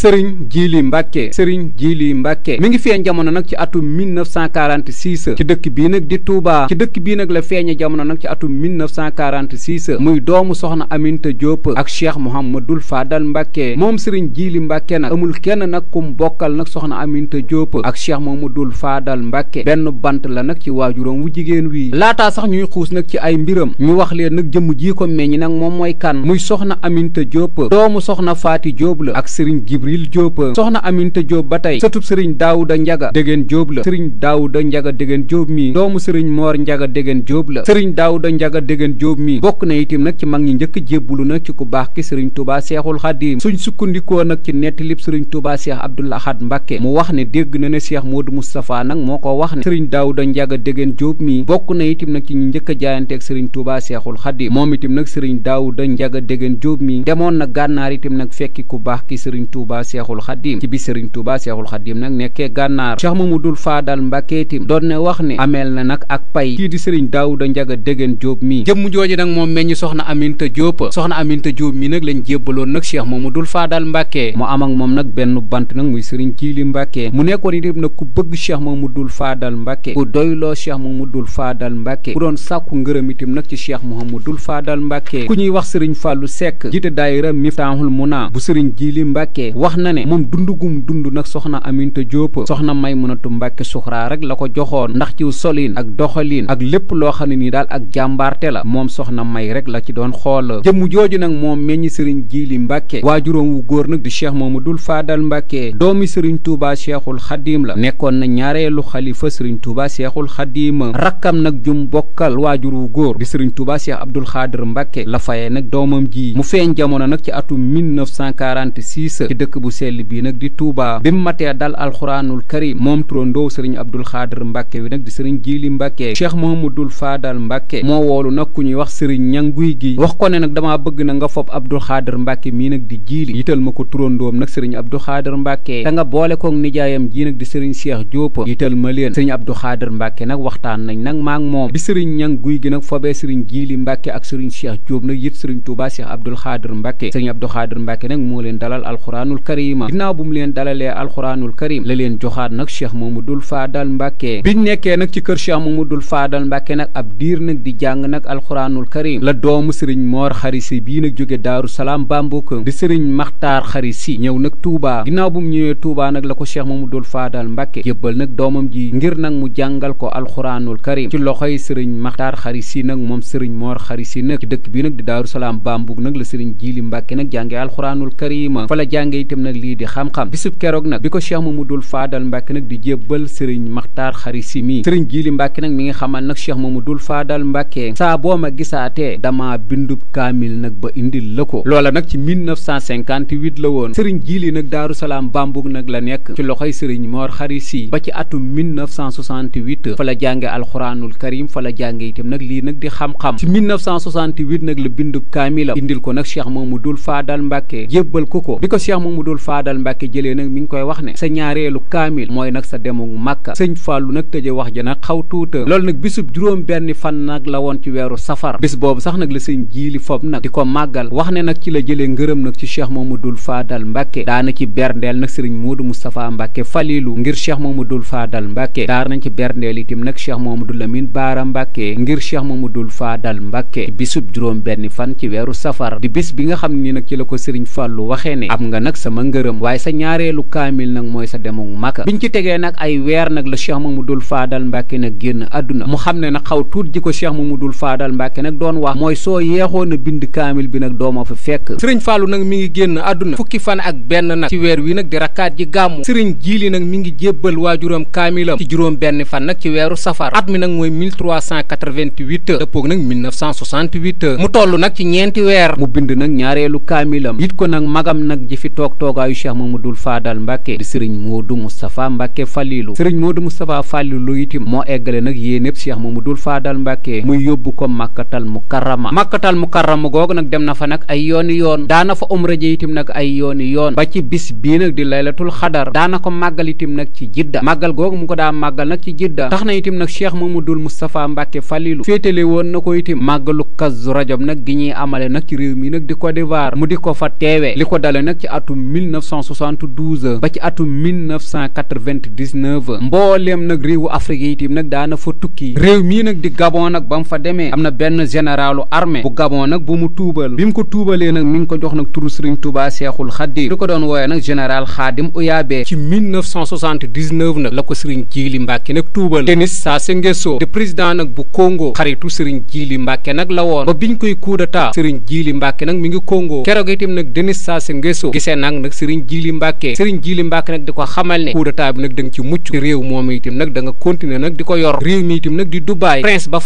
sëriñ Jili Mbàkke sëriñ Jili Mbàkke mi ngi feeñ jamono nag ci atum 1946 ci dëkk bii nag di Touba ci dëkk bii nag la feeñe jamono nag ci atum 1946 muy doomu soxna Aminta Diop ak Cheikh Mouhamadul Fadal Mbàkke moom sëriñ Jili Mbàkke nag amul kenn nag kum bokkal nag soxna Aminta Diop ak Cheikh Mouhamadul Fadal Mbàkke benn bant la nag ci waajuram wu jigéen wii laataa sax ñuy xuus nag ci ay mbiram ñu wax leen nag jëmm ji ko meññi nag moom mooy kan muy soxna Aminta Diop doomu soxna Faati Diop ak sëriñ Jibril Jibril Diop soxna Aminta Diop ba tey sëtub sëriñ Daouda Ndiaga Dégéen jóob la sëriñ Daouda Ndiaga Dégéen Diop mii doomu sëriñ moor njaga Dégéen jóob la sëriñ Daouda Ndiaga Dégéen Diop mii bokk na itim nag ci mag ñi njëkk jébbalu nag ci ku baax ki sëriñ tubaa Seexul Xadim suñ sukkandikoo nag ci nettalib sëriñ Touba Seex Abdul Ahad Mbacké mu wax ne dégg na ne Seex Modou Moustapha nag moo ko wax ne sëriñ Daouda Ndiaga Dégéen Diop mii bokk na itim nag ci ñu njëkk a jaayanteeg sëriñ Touba Seexul Xadim moom itim nag sëriñ Daouda Ndiaga Dégéen Diop mii demoon na gànnaar itim Touba Cheikhul Khadim ci bi Serigne Touba Cheikhul Khadim nag nekkee gànnaar Cheikh Mamadou Fadal Mbacké tim doon ne wax ne ameel na nag ak pay kii di Serigne Daouda Ndiaga Dégène Diop mii jëmm jooju nag moom meññ soxna Aminta Diop soxna Aminta Diop mii nag lañ jébbaloon nag Cheikh Mamadou Fadal Mbacké mu am ak moom nag benn bant nag muy Serigne Djili Mbacké mu nekkoon itam nag ku bëgg Cheikh ma mu Mbacké ku doyloo Cheikh Mamadou Fadal Mbacké ku doon sàkku ngërëm itam nag ci Cheikh Mamadou Fadal Mbacké ku ñuy wax Serigne Fallou Seck jiite daayira Miftaahul Muna bu Serigne wax na ne moom dund gum dund nag soxna Aminta Diop soxna Maymunatu Mbàkke Suxraa rek la ko joxoon ndax ci solin ak doxalin ak lépp loo xam ne nii daal ak jàmbaarte la moom na May rek la ci doon xool jëmm jooju nag moom meññi sëriñ Jiili Mbàkke waajuróom wu góor nag di cheikh Mamadul Faadal Mbàkke doomi sëriñ Touba Cheikhul Xadim la nekkoon na ñaareelu xalifa sëriñ Touba Cheikhul Xadim rakkam nag jum bokkal waajur wu góor di sëriñ Touba Cheikh Abdul Xaadir Mbàkke la fayee nag doomam ji mu feeñ jamono nag ci atum ci dëkk bu sell bii nag di Touba bi mu matee dal alxuraanul karim moom turandoo sëriñ Abdul Xaadir Mbàkke wi nag di sëriñ Jiili Mbàkke Cheikh Mohamadul Faadal Mbàkke moo woolu nag ku ñuy wax sëriñ ñang guy gi wax ko ne nag damaa bëgg na nga fob Abdul Xaadir Mbàkke mii nag di jiili yital ma ko turandoom nag sëriñ Abdul Xaadir Mbàkke da nga boole koog nijaayam jii nag di sëriñ Cheikh Diop yital ma leen sëriñ Abdul Xaadir Mbàkke nag waxtaan nañ nag maa ngi moom sëriñ ñang gi nag fobee sëriñ Jiili Mbàkke ak sëriñ Cheikh Diop nag yit sëriñ Touba Cheikh Abdul Xaadir Mbàkke sëriñ Abdul Xaadir Mbàkke nag karima ginnaaw bu mu leen dalalee alxuraanul karim la leen joxaat nag cheikh mamadul faadal mbàkke biñ nekkee nag ci kër mu dul faadal mbàkke nag ab diir nag di jàng nag alxuraanul karim la doomu sëriñ moor xarisi bii nag jóge daaru salaam bambuk di sëriñ maxtaar xarisi ñëw nag tuubaa ginnaaw bu mu ñëwee tuubaa nag la ko ma mu dul faadal mbàkke yëbbal nag doomam ji ngir nag mu jàngal ko alxuraanul karim ci loxo yi sëriñ maxtaar xarisi nag moom sëriñ moor xarisi nag dëkk bi nag di daaru salaam bambuk nag la sëriñ jiili mbàkke nag jànge alxuraanul mboolem nag lii di xam-xam bisub keroog nag bi ko cheikh mamadul faadal mbàkke nag di jébbal sëriñ maxtaar xari mii sëriñ jiili mbàkke nag mi nga xamal nag cheikh mamadul faadal mbàkke saa boo ma gisaatee dama bindub kaamil nag ba indil la ko loola nag ci 1958 la woon sëriñ jiili nag daaru salaam bambug nag la nekk ci loxoy sëriñ moor xari si ba ci atum 1968 fa la jànge alxuraanul karim fa la jànge itam nag lii nag di xam-xam ci 1968 nag la bindub kaamilam indil ko nag cheikh dul faadal mbàkke jébbal ko ko bi ko cheikh mamadul Abdoul Fadal Mbacke jëlee nag mi ngi koy wax ne sa ñaareelu kaamil mooy nag sa demu Makka sëñ Fallou nag tëje wax ji nag xaw tuuta loolu nag bisub juróom benn fan nag la woon ci weeru safar bis boobu sax nag la sëñ jiili fob nag di ko màggal wax ne nag ci la jëlee ngërëm nag ci Cheikh Mamadou Fadal Mbacke daana ci berndeel nag sëriñ Modou Moustapha Mbacke Falilou ngir Cheikh Mamadou Fadal Mbacke daar nañ ci berndeel itam nag Cheikh Mamadou Lamine Baara mbàkke ngir Cheikh Mamadou Fadal Mbacke ci bisub juróom benni fan ci weeru safar di bis bi nga xam ni nag ci la ko sëriñ Fallou waxee ne am nga nag sa sama ngërëm waaye sa ñaareelu kaamil nag mooy sa demuk màkka ñu ci tegee nag ay weer nag la mu mamadul faadal mbàkke nag génn àdduna mu xam ne na xaw tuut ji ko cheikh dul faadal mbàkke nag doon wax mooy soo yeexoon a bind kaamil bi nag dooma fa fekk sëriñ fàllu nag mi ngi génn àdduna fukki fan ak benn nag ci weer wi nag di rakkaat ji gàmmu sëriñ jiili nag mi ngi jébbal waajuram kaamilam ci juróom benn fan nag ci weeru safar at mi nag mooy 1388 dëppoog nag 1968 mu toll nag ci ñeenti weer mu bind nag ñaareelu kaamilam yit ko nag magam nag ji fi toog toogaayu cheikh mamadul faadal mbàkke di sëriñ moodu moustapha mbàkke fàllilu sëriñ moodu moustapha fàllilu itim moo eggale nag yéenépp cheikh mamadul faadal mbàkke muy yóbbu ko màkkatal mukarrama màkkatal mukarrama googu nag dem na fa nag ay yooni yoon daana fa umra ji itim nag ay yooni yoon ba ci bis bii nag di laylatul xadar daana ko màggal itim nag ci jidda màggal googu mu ko daa màggal nag ci jidda tax na itim nag cheikh mamadul na ko itim màggalu kazu rajab nag gi ñuy amale nag ci réew mi nag di Côte d'Ivoire mu di ko fa teewe 1972 ba ci atum 1999 mbooleem nag réewu Afrique yi itam nag daana fa tukki réew mii nag di Gabon nag ba mu fa demee am na benn généralu armée bu Gabon nag bu mu tuubal bi mu ko tuubalee nag mu ngi ko jox nag turu Serigne Touba Seexul Xaddim di ko doon wooyee nag général Xaadim Uyaabee ci 1979 nag la ko Serigne Djili Mbacke nag tuubal Denis Sassou Nguesso di président nag bu Congo xaritu Serigne Djili Mbacke nag la woon ba biñ koy coup d'état Serigne Djili Mbacke nag mu ngi Congo keroog itam nag Denis Sassou nag sëriñ Jili Mbàkke sëriñ Jili Mbàkke nag di ko xamal ne coup bi nag da nga ci mucc te réew moom itam nag da nga continuer nag di ko yor réew mi itam nag di Dubaay prince a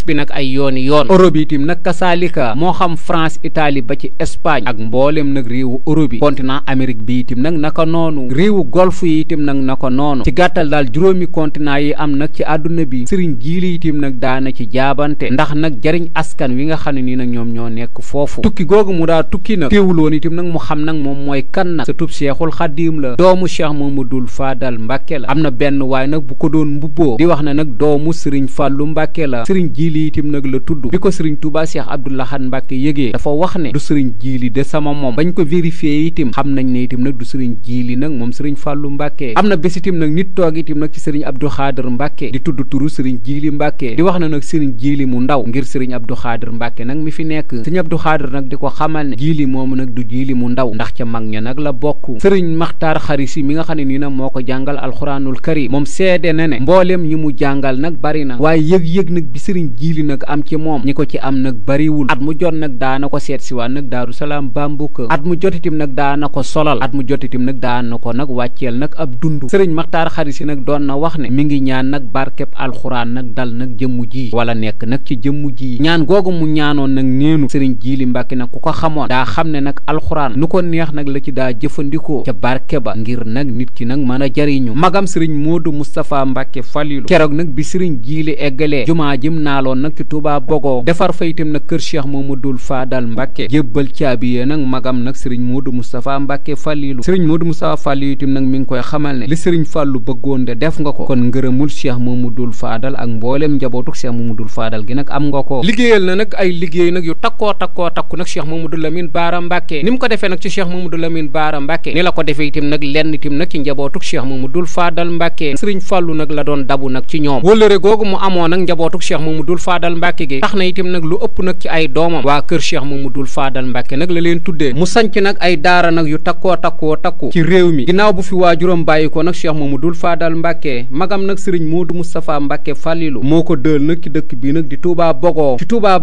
bi nag ay yooni yoon Europe itam nag kasaalika moo xam France Italie ba ci Espagne ak mboolem nag réewu Europe yi continent Amérique bi itam nag naka noonu réewu golf yi itam nag naka noonu ci gàttal daal juróomi continent yi am nag ci àdduna bi sëriñ Jili itam nag daana ci jaabante nag ñoom ñoo nekk foofu tukki googu mu daa tukki nag téewuloon itam nag mu xam nag moom mooy kan nag sa tub seexul xaddiim la doomu cheikh mamadul faadal mbàkke la am na benn waaye nag bu ko doon mbubboo di wax ne nag doomu sëriñ fàllu mbàkke la sëriñ jiili nag la tudd bi ko sëriñ tubaa cheikh abdoulahat mbàkke yëgee dafa wax ne du sëriñ jiili de sama moom bañ ko vérifié itam xam nañ ne itam nag du sëriñ jiili nag moom sëriñ fàllu mbàkke am na bés itam nag nit toog itam nag ci sëriñ abdou xaadir mbàkke di tudd turu sëriñ jiili mbàkke di wax na nag sëriñ jiili mu ndaw ngir sëriñ abdou xaadir mbàkke nag bi fi nekk sëñ Abdou Khadre nag di ko xamal ne jiili moomu nag du jiili mu ndaw ndax ca mag ña nag la bokk sëriñ maxtaar xarisi mi nga xam ne nii na moo ko jàngal alxuraanul karim moom seede na ne mbooleem ñi mu jàngal nag bari na waaye yëg-yëg nag bi sëriñ jiili nag am ci moom ñi ko ci am nag bariwul at mu jot nag daana ko seet si waat nag daaru salaam bambuka at mu jotitim nag daana ko solal at mu jotitim nag daana ko nag wàcceel nag ab dund sëriñ maxtaar xarisi nag doon na wax ne mi ngi ñaan nag barkeb alxuraan nag dal nag jëmmu ji wala nekk nag nag neenu sëriñ jiili mbàkke nag ku ko xamoon daa xam ne nag alxuraan nu ko neex nag la ci daa jëfandikoo ca barke ba ngir nag nit ki nag mën a jariñu magam sëriñ moodu moustapha mbàkke falilu keroog nag bi sëriñ jiili eggalee jumaa jim naaloon nag ci tuubaa bogoo defar fa itam nag kër cheikh dul faadal mbàkke jébbal caabi yee nag magam nag sëriñ moodu moustapha mbàkke falilu sëriñ moodu moustapha falilu itam nag mi ngi koy xamal ne li sëriñ fàllu bëggoon de def nga ko kon ngërëmul cheikh mamadul faadal ak mbooleem njabootuk cheikh mamadul faadal gi nag am nga ko yooyu nag yu takkoo takkoo takku nag Cheikh Mamadou Lamine Baara Mbacke ni mu ko defee nag ci Cheikh Mamadou Lamine Baara Mbacke ni la ko defee itam nag lenn itam nag ci njabootug Cheikh Mamadou Fadal Mbacke Serigne Fallou nag la doon dabu mu amoon nag njabootug gi tax na itam nag lu ëpp nag ci ay doomam waa kër Cheikh Mamadou Fadal Mbacke nag la leen tuddee mu sanc nag ay daara nag yu takkoo takkoo takku ci réew mi ginnaaw bu fi waajuram bàyyi ko nag Cheikh Mamadou Fadal Mbacke magam nag Serigne moo ko dël nag dëkk bii nag di Touba Bogo ci Touba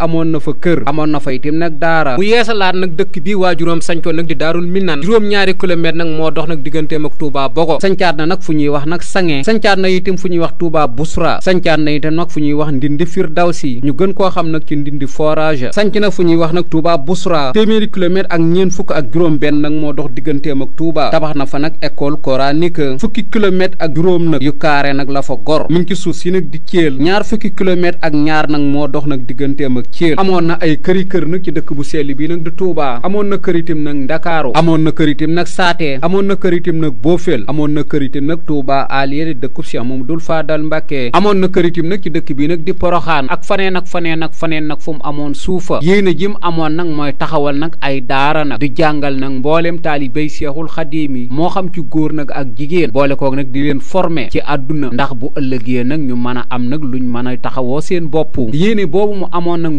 amoon na fa kër amoon na fa itam nag daara mu yeesalaat nag dëkk bi waajuróom sañcoon nag di daarul minan juróom-ñaari kilomètre nag moo dox nag digganteem ak Touba Bogo sañcaat na fu ñuy wax nag Sange sañcaat itam fu ñuy wax Touba Busra sañcaat na nag fu ñuy wax Ndindi Firdawsi ñu gën koo xam nag ci Ndindi forage sanc na fu ñuy wax nag Touba Busra téeméeri kilomètre ak ñeen fukk ak juróom benn nag moo dox digganteem ak Touba tabax na fa nag école coranique fukki kilomètre ak juróom nag yu kaare nag la fa gor mi ngi ci suuf si nag di Thiel ñaar fukki kilomètre ak ñaar nag moo dox nag digganteem ak Thiel amoon na ay këri kër nag ci dëkk bu sell bii nag di Touba amoon na kër itam nag Ndakaaru amoon na kër nag Saatee amoon na kër itam nag Bofel amoon na kër nag Touba Alié dëkkub Cheikh Mamadou Fadal Mbacké amoon na kër itam nag ci dëkk bii nag di Poroxaan ak faneen ak faneen ak faneen nag fu mu amoon suufa yéene jim amoon nag mooy taxawal nag ay daara nag di jàngal nag mboolem taalibey Seexul Xadiim yi moo xam ci góor nag ak jigéen boole koog nag di leen former ci àdduna ndax bu ëllëgee nag ñu mën a am nag luñ mën a taxawoo seen bopp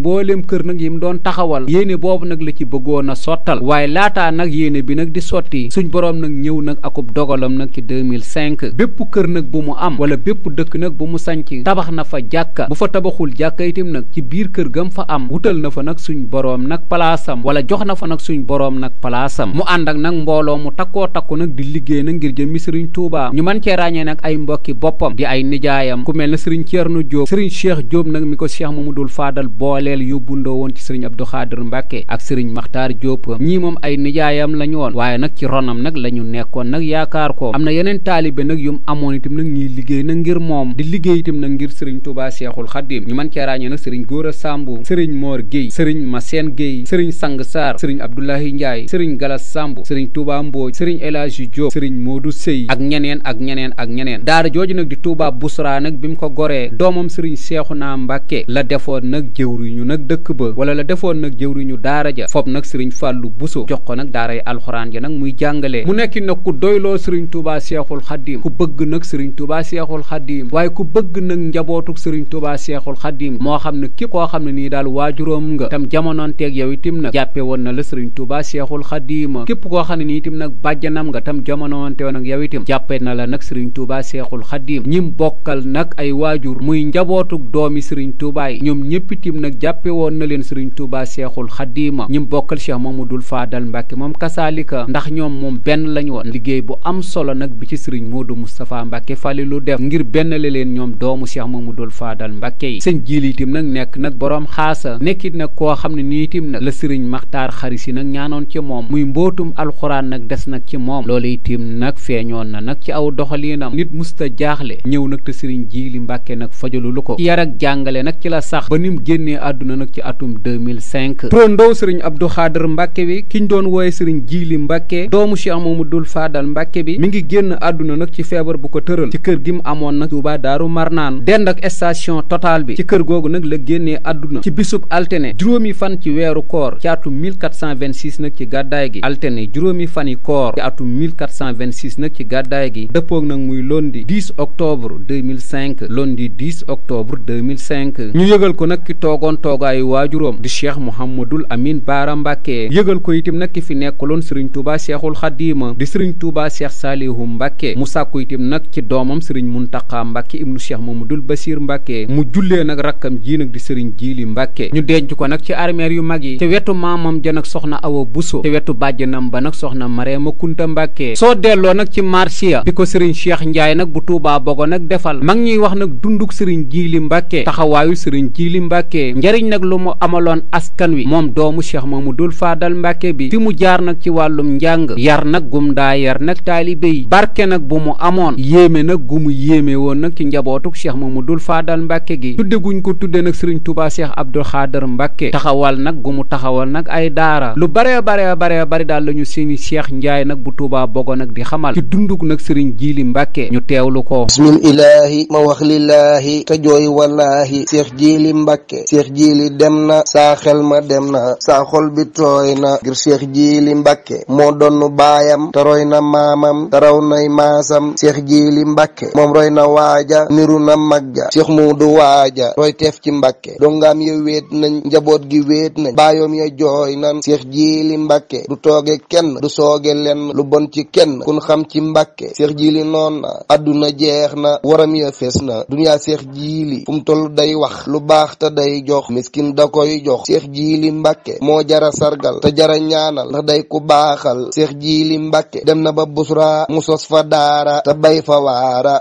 mbooleem kër nag yi mu doon taxawal yéene boobu nag la ci bëggoon a sottal waaye laataa nag yéene bi nag di sotti suñ boroom nag ñëw nag akub dogalam nag ci 2005 bépp kër nag bu mu am wala bépp dëkk nag bu mu sanc tabax na fa jàkka bu fa tabaxul jàkka nag ci biir kër gam fa am wutal na fa nag suñu boroom nag palaasam wala jox na fa nag suñu boroom nag palaasam mu ànd ak nag mbooloo mu takkoo takku nag di liggéey nag ngir jëmmi sëriñ Tuubaa ñu mën cee ràññee nag ay mbokki boppam di ay nijaayam ku mel na sëriñ Ceerno Jóob sëriñ Cheikh Jóob nag mi ko Cheikh cofeel yu bundoo woon ci sëriñ Abdou Khadir ak sëriñ Makhtar Diop ñii moom ay nijaayam la ñu woon waaye nag ci ronam nag la ñu nekkoon nag yaakaar ko am na yeneen taalibe nag yum amoon itam nag ñuy liggéey nag ngir moom di liggéey itam nag ngir sëriñ Touba Cheikhoul Khadim ñu mën cee ràññee nag sëriñ Gora Sambu sëriñ Mor Guèye sëriñ Massène Guèye sëriñ Sang Sarr sëriñ Abdoulahi Ndiaye sëriñ Galas Sambu sëriñ Touba Mbodj sëriñ El Hadji Diop sëriñ Modou Sey ak ñeneen ak ñeneen ak ñeneen daara jooju nag di Touba Bousra nag bi jëwriñu nag dëkk ba wala la defoon nag jëwriñu daara ja fob nag sëriñ fàllu buso jox ko nag daaray alxuraan ja nag muy jàngalee mu nekk nag ku doyloo sëriñ tubaa seexul xaddiim ku bëgg nag sëriñ tubaa seexul xaddiim waaye ku bëgg nag njabootuk sëriñ tubaa seexul xaddiim moo xam ne képp koo xam ne nii daal waajuróom nga tam jamononteeg yow itim nag jàppe woon na la sëriñ tubaa seexul xaddiima képp koo xam ne nii itim nag bàjjanam nga tam jamononte woon ak yow itim jàppe na la nag sëriñ tubaa seexul xaddiim ñim bokkal nag ay waajur muy njabootu doomi sëriñ jàppe woon na leen sëriñ Touba Seexul Xadiima ñim bokkal Cheikh Mamadul Faadal Mbàkke moom kasaalika ndax ñoom moom benn lañu woon liggéey bu am solo nag bi ci sëriñ Moodu Moustapha Mbàkke lu def ngir benn la leen ñoom doomu mu Mamadul Faadal Mbàkke yi sëñ jiili itam nag nekk nag boroom xaasa nekkit nag koo xam ne nii itam nag la sëriñ Maxtaar Xarisi nag ñaanoon ci moom muy mbootum alxuraan nag des nag ci moom loolu itam nag feeñoon na nag ci aw doxaliinam nit musta jaaxle ñëw nag te sëriñ jiili Mbàkke nag fajalu ko ci yar àdduna nag ci atum 2005. turandoo sëriñ Abdou Khader Mbacke bi ki ñu doon wooye sëriñ Jiili Mbacke doomu Cheikh Mamadou Fadal Mbacke bi mi ngi génn àdduna nag ci feebar bu ko tëral ci kër gi mu amoon nag Touba Daaru Marnaan dend ak station Total bi ci kër googu nag la génnee àdduna ci bisub altene juróomi fan ci weeru koor ci atum 1426 nag ci gàddaay gi altene juróomi fan yi koor ci atum 1426 nag ci gàddaay gi dëppoog nag muy lundi 10 octobre 2005 lundi 10 octobre 2005 ñu yëgal ko nag ki toogoon toogaayu waajuróom di cheikh mouhamadul amin baara mbàkke yëgal ko itam nag ki fi nekkaloon sëriñ tuuba cheikhul xadima di sëriñ tuuba cheikh saalihu mbàkke mu sàkku itam nag ci doomam sëriñ muntaqa mbàkke ibnu mu mamadul basir mbàkke mu jullee nag rakkam ji nag di sëriñ jiili mbàkke ñu denc ko nag ci armeer yu mag yi te wetu maamam ja nag soxna awa buso te wetu bàjjanam ba nag soxna mareema kunta mbàkke soo delloo nag ci marsiya bi ko sëriñ cheikh njaay nag bu tuuba bogo nag defal mag ñuy wax nag dunduk sëriñ jiili mbàkke taxawaayu sëriñ jiili mbàkke njëriñ nag lu mu amaloon askan wi moom doomu mu dul faadal mbàkke bi fi mu jaar nag ci wàllum njàng yar nag gum daa yar nag taalibe yi barke nag bu mu amoon yéeme nag gumu yéeme woon nag ci njabootuk cheikh dul faadal mbàkke gi tudde guñ ko tudde nag sëriñ tubaa cheikh abdul xaadar mbàkke taxawal nag gu mu taxawal nag ay daara lu bare bare bare bare daal lañu ñu seeni cheikh njaay nag bu tubaa bogo nag di xamal ci dunduk nag sëriñ jiili mbàkke ñu teewlu ko jiili dem na saa xel ma dem na saa xol bi tooy na ngir cheikh jiili mbàkke moo baayam taroy na maamam taraw nay maasam cheikh jiili mbàkke moom roy na waaja niru na mag ja cheikh muudu waaja roy ci mbàkke dongaam ya wéet nañ njaboot gi wéet nañ baayoom ya jooy nan cheikh jiili mbàkke du tooge kenn du sooge lenn lu bon ci kenn kun xam ci mbàkke cheikh jiili noon na adduna jeex na waram ya fees na duniyaa cheikh jiili fu mu day wax lu baax te day jox miskin da koy jox seex jiili mbàkke moo jara sargal te jara ñaanal ndax day ku baaxal seex jiili mbàkke dem na ba busra mu sos fa daara bay fa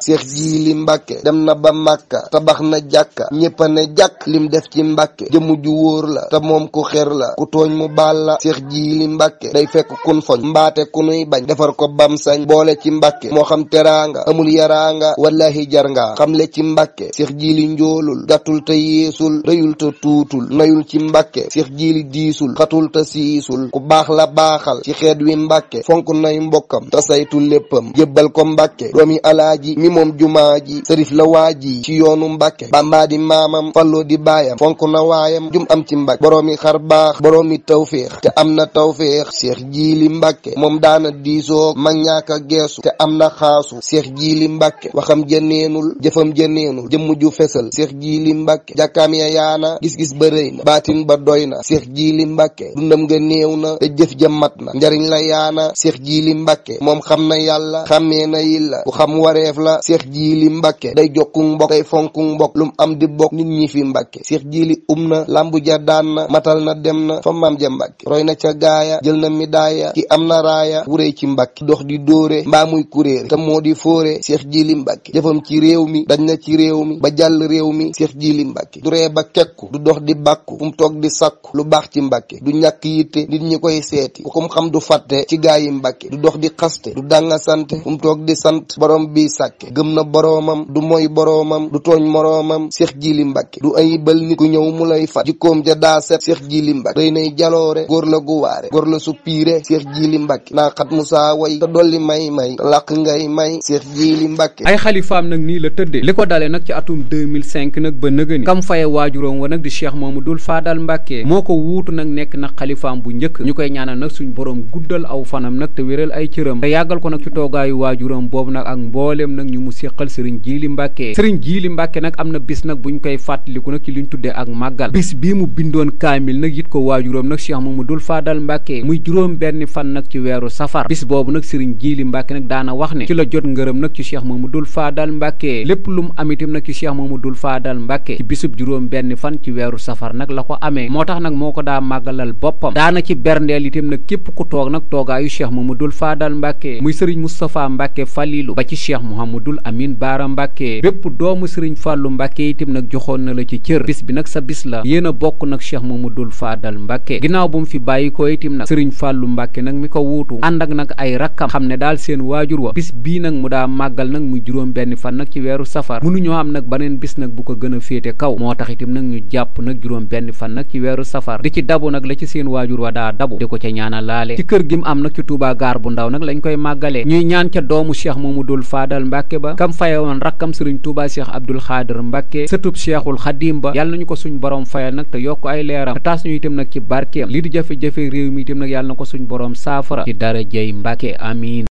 seex jiili mbàkke dem na ba màkka tabax na jàkka ñéppa ne jàkk lim def ci mbàkke jëmu ju wóor la te moom ku xer la ku tooñ mu baal la seex jiili mbàkke day fekk kun foñ mbaate ku nuy bañ defar ko bam sañ boole ci mbàkke moo xam teraanga amul yaraanga wallahi jar nga xamle ci mbàkke seex jiili njoolul gàttul te yeesul rëyul te tuutul nayul ci mbàkke seex jiili diisul xatul te siisul ku baax la baaxal ci xeet wi mbàkke fonk nay mbokkam te saytu léppam jébbal ko mbàkke doomi alaaji mi moom jumaa ji sërif la waaji ci yoonu mbàkke bàmbaa di maamam falloo di baayam fonk na waayam jum am ci mbàkke boroomi xar baax boroomi tawféex te am na tawféex seex jiili mbàkke moom daana diisoo mag ñaaka geesu te am na xaasu seex jiili mbàkke waxam jëneenul jëfam jëneenul jëmm ju fesal seex jiili mbàkke jàkkaam ya gis-gis ba rëy baatin ba doy na seex jiili mbàkke dundam nga néew na te jëf ja mat na njariñ la yaana seex jiili mbàkke moom xam na yàlla xàmmee na yilla xam wareef la seex jiili mbàkke day jokku mbokk day fonku mbokk am di bokk nit ñi fi mbàkke seex jiili um na lambu ja daan na matal na dem na fa maam ja mbàkke roy na ca gaaya jël na midaaya ki am na raaya wuree ci mbàkke dox di dóore mbaa muy kuréere te moo di fóore seex jiili mbàkke jëfam ci réew mi dañ na ci réew mi ba jàll réew mi seex jiili dox di bàkku fu mu toog di sàkku lu baax ci mbàkke du ñàkk yitte nit ñi koy seeti ku ko xam du fàtte ci gaa yi mbàkke du dox di xaste du danga sante fu mu toog di sant borom bi sàkke gëm na boromam du moy boroomam du tooñ moroomam seex jili mbàkke du ayibal nit ku ñëw mu lay fat jikkoom ja daa set seex jili mbàkke rëy nay jaloore góor la gu waare góor la su piire seex jili mbàkke naa xat musaa way te dolli may may te ngay may seex jili mbàkke ay xalifaam nag nii la tëddee li dalee nag ci atum 2005 nag ba nëgëni kam faye waajuroom wa nag di di cheikh mamadul faadal mbàkke moo ko wuutu nag nekk nag xalifaam bu njëkk ñu koy ñaanal nag suñu borom guddal aw fanam nag te wéral ay cëram te yàggal ko nag ci toogaayu waajuram boobu nag ak mbooleem nag ñu mu séqal sëriñ li mbàkke sëriñ li mbàkke nag am na bis nag bu ñu koy fàttaliku nag ci liñ tuddee ak màggal bis bii mu bindoon kaamil nag yit ko waajuram nag cheikh mamadul faadal mbàkke muy juróom benn fan nag ci weeru safar bis boobu nag sëriñ jiili mbàkke nag daana wax ne ci la jot ngërëm nag ci cheikh mamadul faadal mbàkke lépp lu mu amitam nag weeru safar nag la ko amee moo tax nag moo ko daa màggalal boppam daana ci berndeel itam nag képp ku toog nag toogaayu mu mamadul faadal mbàkke muy sëriñ moustapha mbàkke falilu ba ci cheikh mouhamadul amin baara mbàkke bépp doomu sëriñ fàllu mbàkke itam nag joxoon na la ci cër bis bi nag sa bis la yéen a bokk nag cheikh dul faadal mbàkke ginnaaw bu mu fi bàyyi ko itam nag sëriñ fàllu mbàkke nag mi ko wuutu ànd ak nag ay rakkam xam ne daal seen waajur wa bii nag mu daa màggal nag muy juróom benn fan nag ci weeru safar a jàpp nag juróom benn fan nag ci weeru safar di ci dabu nag la ci seen waajur wa daa dabu di ko ca ñaana laale ci kër gi mu am nag ci Touba gaar bu ndaw nag lañ koy màggalee ñuy ñaan ca doomu cheikh Mamadul Faadal Mbàkke ba kam woon rakkam sëriñ Touba cheikh Abdul Xaadir Mbàkke sëtub cheikhul xadim ba yàlla nañu ko suñ borom fayal nag te yokk ay leeram te taas ñu itam nag ci barkeem lii di jafe-jafe réew mi itam nag yàlla na ko suñ boroom saafara ci dara jëy Mbàkke amiin